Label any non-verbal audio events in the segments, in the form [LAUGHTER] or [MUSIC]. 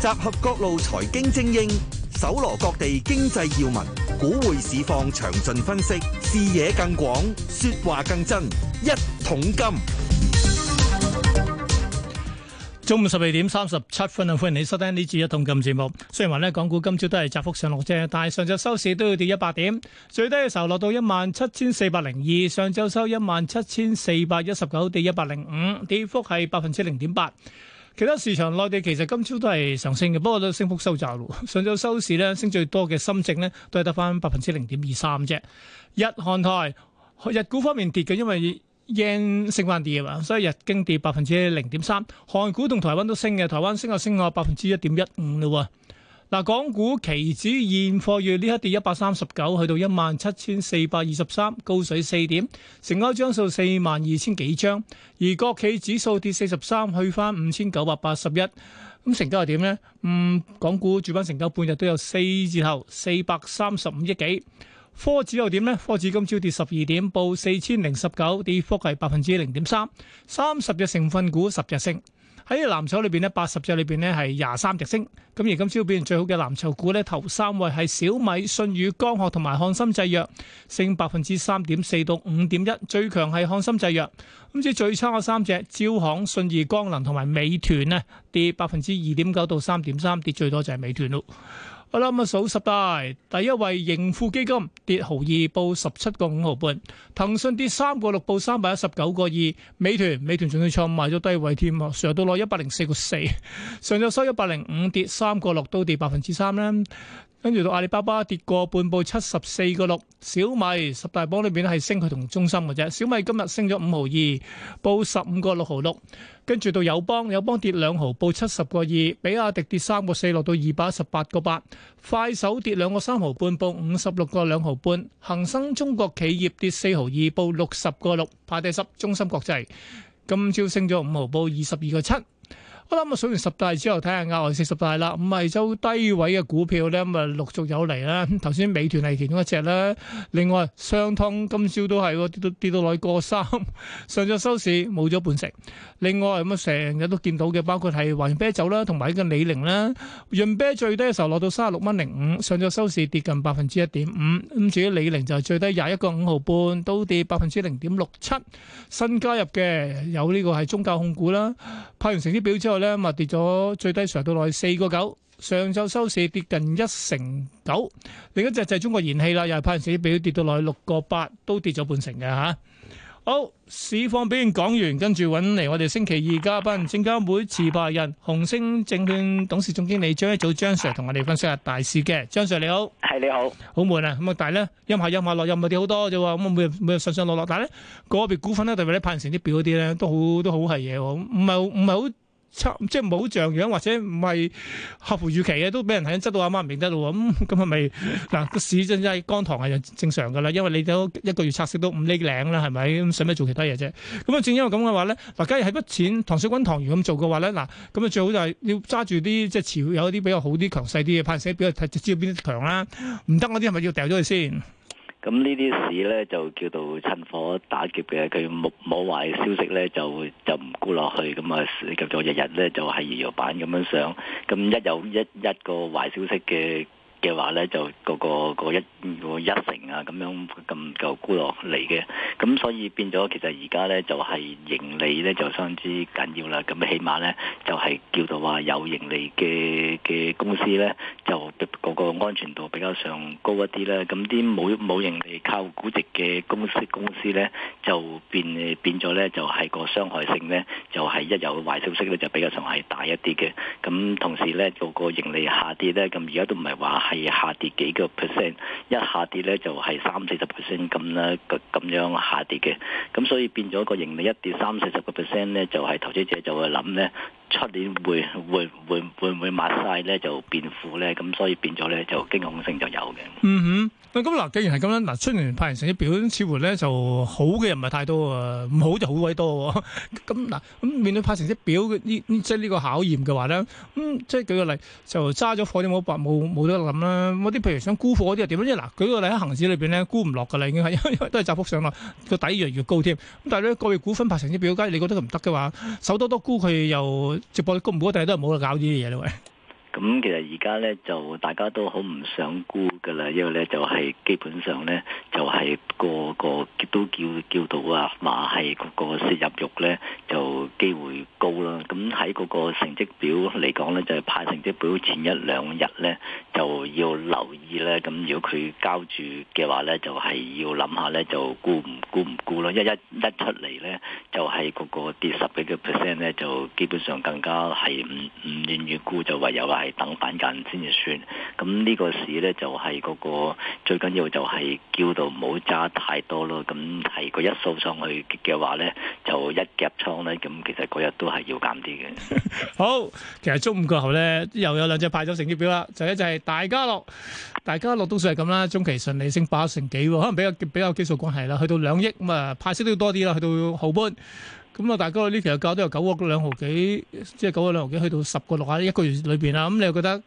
集合各路財經精英，搜羅各地經濟要聞，股匯市況詳盡分析，視野更廣，說話更真。一桶金，中午十二點三十七分啊！歡迎你收聽呢次一桶金節目。雖然話呢，港股今朝都係窄幅上落啫，但係上晝收市都要跌一百點，最低嘅時候落到一萬七千四百零二，上晝收一萬七千四百一十九，跌一百零五，跌幅係百分之零點八。其他市場，內地其實今朝都係上升嘅，不過都升幅收窄咯。上週收市咧，升最多嘅深證咧，都係得返百分之零點二三啫。日韓台，日股方面跌嘅，因為 yen 升翻啲啊嘛，所以日經跌百分之零點三。韓股同台灣都升嘅，台灣升啊升啊百分之一點一五嘞喎。嗱，港股期指現貨月呢一刻跌一百三十九，去到一萬七千四百二十三，高水四點，成交張數四萬二千幾張。而國企指數跌四十三，去返五千九百八十一。咁成交係點呢？嗯，港股主板成交半日都有四字頭，四百三十五億幾。科指又點呢？科指今朝跌十二點，報四千零十九，跌幅係百分之零點三。三十日成分股十日升。喺藍籌裏邊咧，八十隻裏邊咧係廿三隻升，咁而今朝表現最好嘅藍籌股咧，頭三位係小米、舜宇光學同埋翰森製藥，升百分之三點四到五點一，最強係翰森製藥。咁至於最差嘅三隻，招行、信義光能同埋美團咧，跌百分之二點九到三點三，跌最多就係美團咯。好啦，咁啊數十大，第一位盈富基金跌毫二，報十七個五毫半。騰訊跌三個六，報三百一十九個二。美團，美團仲要創埋咗低位添啊，常常 4. 4, 成日都攞一百零四個四。上晝收一百零五，跌三個六，都跌百分之三咧。跟住到阿里巴巴跌過半，報七十四個六。小米，十大榜裏邊咧，係升佢同中芯嘅啫。小米今日升咗五毫二，報十五個六毫六。跟住到友邦，友邦跌兩毫，報七十個二。比亞迪跌三個四，落到二百一十八個八。快手跌兩個三毫半，報五十六個兩毫半。恒生中國企業跌四毫二，報六十個六，排第十。中芯國際今朝升咗五毫，報二十二個七。我諗我數完十大之後，睇下外四十大啦。咁五十二週低位嘅股票咧，咁啊陸續有嚟啦。頭先美團係其中一隻啦，另外商湯今朝都係跌到跌到落去個三，上晝收市冇咗半成。另外咁啊，成日都見到嘅，包括係華潤啤酒啦，同埋呢個李寧啦。潤啤最低嘅時候落到三十六蚊零五，上晝收市跌近百分之一點五。咁至於李寧就係最低廿一個五毫半，都跌百分之零點六七。新加入嘅有呢個係中教控股啦，派完成績表之後。咧咪跌咗最低上到落去四個九，上晝收市跌近一成九。另一隻就係中國燃氣啦，又係派完成績表跌到落去六個八，都跌咗半成嘅嚇。好，市況表現講完，跟住揾嚟我哋星期二嘉賓，證監會持牌人、紅星證券董事總經理張益祖張 Sir 同我哋分析下大市嘅。張 Sir 你好，係你好，好悶啊。咁啊，但係咧陰下陰下落又唔係跌好多啫喎。咁啊，每日每日上上落落，但係咧個別股份咧特別咧派完成績表嗰啲咧都好都好係嘢喎，唔係唔係好。即係冇好像樣，或者唔係合乎預期嘅，都俾人係執到阿媽唔認得咯。咁咁係咪嗱個市真係乾塘係正常嘅啦？因為你都一個月拆息都五厘零啦，係咪？咁使咩做其他嘢啫？咁啊，正因為咁嘅話咧，嗱、啊，假如係筆錢塘水滾塘魚咁做嘅話咧，嗱、啊，咁啊最好就係要揸住啲即係持有一啲比較好啲強勢啲嘅，派人寫俾佢睇就知道邊啲強啦。唔得嗰啲係咪要掉咗佢先？咁呢啲市呢，就叫做趁火打劫嘅，佢冇冇壞消息呢，就就唔沽落去，咁啊叫做日日呢，就係搖搖板咁樣上，咁、嗯、一有一一個壞消息嘅嘅話呢，就個個,個一、那個一成啊咁樣咁就沽落嚟嘅，咁、嗯、所以變咗其實而家呢，就係、是、盈利呢，就相當之緊要啦，咁、嗯、起碼呢，就係、是、叫做話有盈利嘅嘅公司呢。就。個安全度比較上高一啲咧，咁啲冇冇盈利靠估值嘅公司公司咧，就變變咗咧，就係個傷害性咧，就係一有壞消息咧，就比較上係大一啲嘅。咁同時咧，個個盈利下跌咧，咁而家都唔係話係下跌幾個 percent，一下跌咧就係三四十 percent 咁啦，咁樣下跌嘅。咁所以變咗個盈利一跌三四十個 percent 咧，就係投資者就會諗咧。出年會會會會唔會抹晒咧就變苦咧，咁所以變咗咧就驚恐性就有嘅。嗯哼。 [NOISE] 咁嗱、嗯，既然係咁樣，嗱，雖然派成績表似乎咧就好嘅又唔係太多喎，唔好就好鬼多喎。咁、嗯、嗱，咁、嗯嗯、面對派成績表呢呢即係呢個考驗嘅話咧，咁即係舉個例，就揸咗貨都冇冇冇得諗啦。我啲譬如想沽貨嗰啲又點咧？即嗱，舉個例喺恆指裏邊咧沽唔落㗎啦，已經係因為都係窄幅上落，個底越嚟越高添。咁但係咧個月股份派成績表，假如你覺得佢唔得嘅話，手多多沽佢又直播都估唔好，但係都係冇得搞呢啲嘢咯。咁其實而家咧就大家都好唔想估㗎喇，因為咧就係、是、基本上咧就係、是、個個都叫叫到啊，話、啊、係個個攝入肉咧就機會高啦。咁喺嗰個成績表嚟講咧，就係、是、派成績表前一兩日咧。就要留意咧，咁如果佢交住嘅話咧，就係、是、要諗下咧，就估唔估唔估咯。一一一出嚟咧，就係、是、嗰個跌十幾個 percent 咧，就基本上更加係唔唔願意估，就唯有係等反間先至算。咁呢個市咧就係、是、嗰、那個最緊要就係叫到唔好揸太多咯。咁係個一掃上去嘅話咧，就一夾倉咧，咁其實嗰日都係要減啲嘅。 [LAUGHS] 好，其實中午過後咧，又有兩隻派咗成績表啦，就一就係。大家樂，大家樂都算係咁啦。中期順利升八成幾，可能比較比較基數關係啦。去到兩億咁啊，派息都要多啲啦。去到毫半咁啊，大家呢期又搞到又九個兩毫幾，即係九個兩毫幾，去到十個六下一個月裏邊啦。咁你又覺得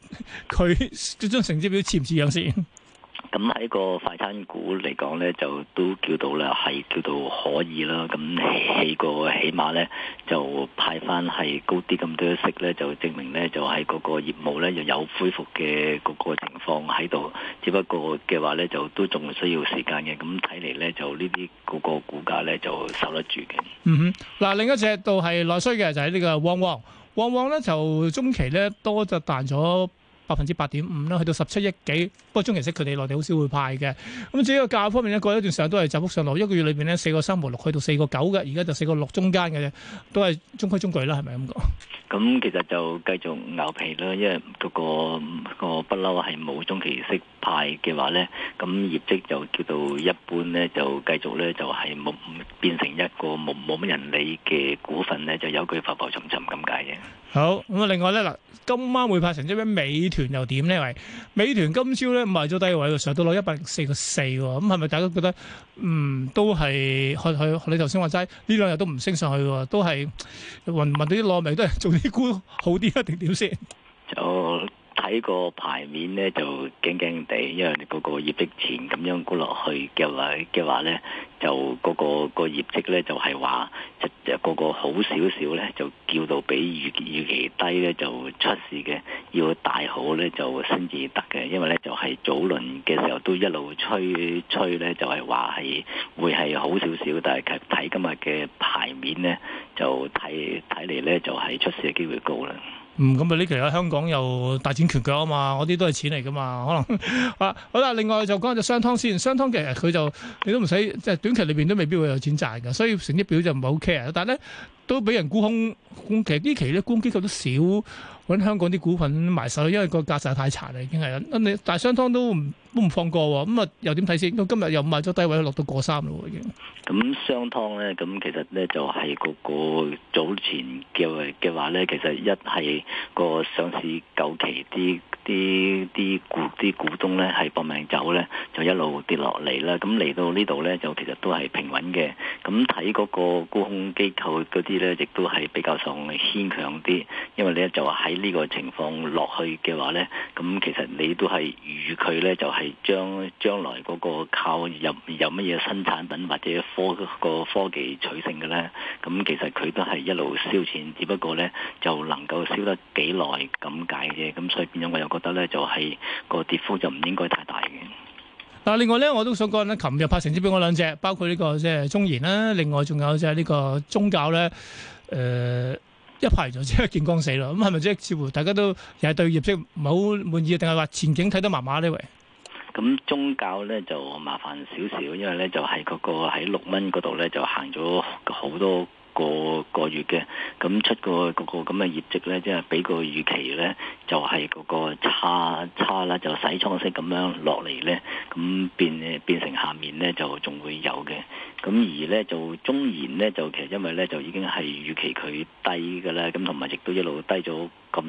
佢張成績表似唔似樣先？咁喺個快餐股嚟講咧，就都叫到啦，係叫到可以啦。咁起個起碼咧，就派翻係高啲咁多息咧，就證明咧就喺嗰個業務咧又有恢復嘅嗰個情況喺度。只不過嘅話咧，就都仲需要時間嘅。咁睇嚟咧，就呢啲嗰個股價咧就受得住嘅。嗯哼，嗱，另一隻到係內需嘅就係呢個旺旺。旺旺咧就中期咧多就彈咗。百分之八點五啦，5，去到十七億幾，不過中期息佢哋內地好少會派嘅。咁至於個價方面咧，過一段時間都係窄幅上落，一個月裏邊咧四個三、和六，去到四個九嘅，而家就四個六中間嘅啫，都係中規中矩啦，係咪咁講？咁其實就繼續牛皮啦，因為嗰、嗰個、嗰個不嬲係冇中期息。派嘅話咧，咁業績就叫做一般咧，就繼續咧就係冇變成一個冇冇乜人理嘅股份咧，就有句浮浮沉沉咁解嘅。好咁啊，另外咧嗱，今晚會派成即係咩？美團又點咧？係美團今朝咧，咁係做低位喎，上到攞一百零四個四喎。咁係咪大家覺得嗯都係去去？你頭先話齋呢兩日都唔升上去喎，都係問問到啲耐眉都係做啲股好啲啊？定點先？就。睇個牌面咧就驚驚地，因為嗰個業績前咁樣估落去嘅話嘅話咧，就嗰、個、個業績咧就係話個個好少少咧，就叫到比預預期低咧就出事嘅，要大好咧就先至得嘅，因為咧就係、係、早輪嘅時候都一路吹吹咧就係話係會係好少少，但係睇今日嘅牌面咧就睇睇嚟咧就係、係、出事嘅機會高啦。嗯，咁啊呢期咧香港又大展拳腳啊嘛，嗰啲都係錢嚟噶嘛，可能 [LAUGHS] 啊好啦，另外就講下隻商湯先，商湯其實佢就你都唔使，即係短期裏邊都未必會有錢賺嘅，所以成績表就唔係好 care，但係咧。都俾人沽空，沽其實呢期咧，沽空機構都少揾香港啲股份埋手，因為個價實太殘啦，已經係啦。你但係商湯都都唔放過喎，咁、嗯、啊又點睇先？今日又賣咗低位，落到過三啦喎，已經。咁商湯咧，咁其實咧就係、嗰個、嗰個早前叫嘅話咧，其實一係個上市九期啲。啲啲股啲股東咧係搏命走咧，就一路跌落嚟啦。咁嚟到呢度咧，就其實都係平穩嘅。咁睇嗰個沽空機構嗰啲咧，亦都係比較上牽強啲。因為咧就話喺呢個情況落去嘅話咧，咁其實你都係預佢咧就係將將來嗰個靠有有乜嘢新產品或者科個科技取勝嘅咧。咁其實佢都係一路燒錢，只不過咧就能夠燒得幾耐咁解啫。咁所以變咗。我有。覺得咧就係、是、個跌幅就唔應該太大嘅。嗱，另外咧我都想講咧，琴日拍成績俾我兩隻，包括呢個即係中研啦，另外仲有即係呢個宗教咧，誒、呃、一派完就即係見光死咯。咁係咪即係似乎大家都又係對業績唔好滿意，定係話前景睇得麻麻呢？喂，咁宗教咧就麻煩少少，因為咧就係、是、嗰個喺六蚊嗰度咧就行咗好多。個個月嘅，咁出個嗰個咁嘅業績咧，即係比個預期咧，就係、是、嗰個差差啦，就洗倉式咁樣落嚟咧，咁變變成下面咧就仲會有嘅，咁而咧就中然咧就其實因為咧就已經係預期佢低噶啦，咁同埋亦都一路低咗。咁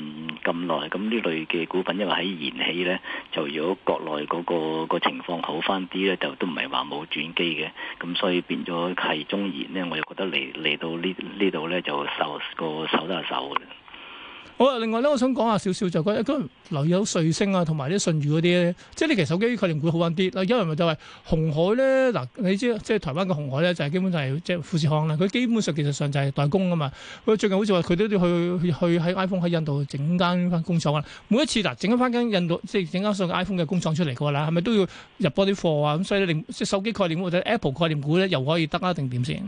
咁耐，咁呢類嘅股份，因為喺燃氣呢，就如果國內嗰、嗰個、嗰個情況好翻啲呢就都唔係話冇轉機嘅。咁所以變咗係中燃呢，我又覺得嚟嚟到呢呢度呢，就手個手都係手。好啊！另外咧，我想講下少少就覺得留意到瑞星啊，同埋啲信譽嗰啲咧，即係你其實手機概念股好翻啲啦。因為就係紅海咧，嗱你知即係台灣嘅紅海咧，就係基本就係即係富士康啦。佢基本上，基本上其實上就係代工噶嘛。佢最近好似話佢都要去去喺 iPhone 喺印度整間呢工廠啦。每一次嗱整間翻間印度即係整間新 iPhone 嘅工廠出嚟嘅話啦，係咪都要入多啲貨啊？咁所以咧即係手機概念股或者 Apple 概念股咧又可以得啊？定點先？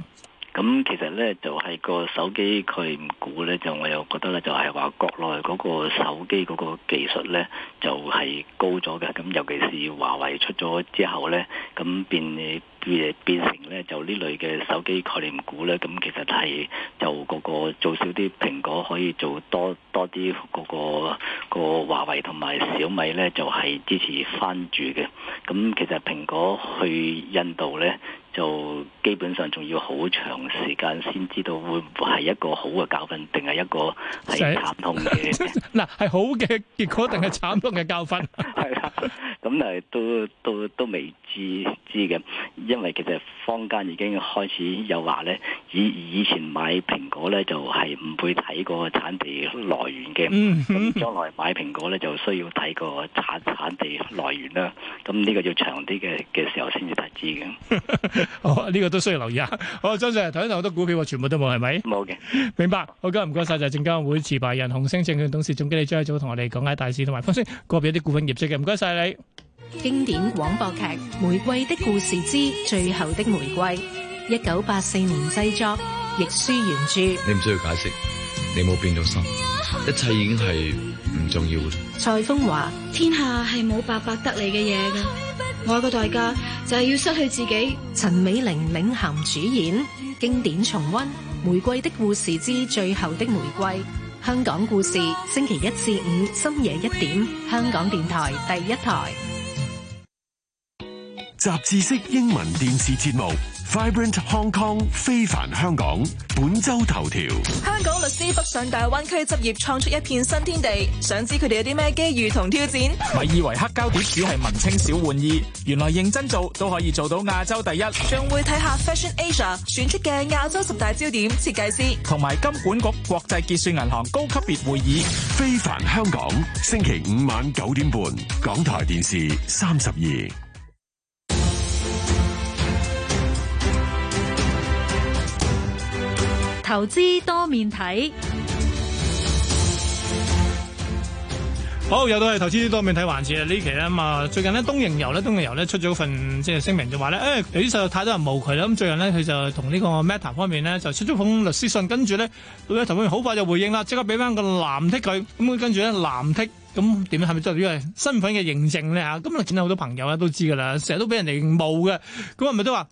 咁其實呢，就係、是、個手機佢唔估呢，就我又覺得呢，就係、是、話國內嗰個手機嗰個技術呢，就係、是、高咗嘅，咁尤其是華為出咗之後呢，咁變。而變成咧就呢類嘅手機概念股咧，咁其實係就個個做少啲蘋果，可以做多多啲嗰個個,個華為同埋小米咧，就係、係、支持翻住嘅。咁、嗯、其實蘋果去印度咧，就基本上仲要好長時間先知道會唔會係一個好嘅教訓，定係一個係慘痛嘅。嗱，係好嘅結果定係慘痛嘅教訓？係 [LAUGHS] 啦， [LAUGHS] 咁但係都都都,都未知知嘅。因為其實坊間已經開始有話咧，以以前買蘋果咧就係、是、唔會睇個產地來源嘅，咁將、嗯嗯、來買蘋果咧就需要睇個產產地來源啦。咁呢個要長啲嘅嘅時候先至得知嘅。 [LAUGHS] 哦，呢、這個都需要留意啊。好，張生頭先頭好多股票全部都冇，係咪？冇嘅的，明白。好嘅，今日唔該晒。就係證監會持牌人，紅星證券董事總經理張益祖同我哋講解大市同埋，分析個別啲股份業績嘅。唔該晒你。經典廣播劇《玫瑰的故事之最後的玫瑰》，一九八四年製作，亦舒原著。你唔需要解釋，你冇變咗心，一切已經係唔重要。蔡風華，天下係冇白白得嚟嘅嘢噶，我嘅代價就係要失去自己。陳美玲、領銜主演，經典重溫《玫瑰的故事之最後的玫瑰》。香港故事，星期一至五深夜一點，香港電台第一台。雜誌式英文電視節目《Vibrant Hong Kong》非凡香港本周頭條：香港律師北上大灣區執業創出一片新天地，想知佢哋有啲咩機遇同挑戰？咪以為黑膠碟只係文青小玩意，原來認真做都可以做到亞洲第一。仲會睇下《Fashion Asia》選出嘅亞洲十大焦點設計師，同埋金管局國際結算銀行高級別會議。非凡香港，星期五晚九點半，港台電視三十二。投資多面睇，好又到嚟投資多面睇環節啦。期呢期咧咁最近咧東瀛遊咧東瀛遊咧出咗份即係聲明呢，就話咧誒，有實在太多人冒佢啦。咁最近咧佢就同呢個 Meta 方面咧就出咗封律師信，跟住咧佢咧頭先好快就回應啦，即刻俾翻個藍剔佢，咁跟住咧藍剔，咁點咧係咪即係因為身份嘅認證咧吓？咁啊見到好多朋友咧都知噶啦，成日都俾人哋冒嘅，咁係咪都話？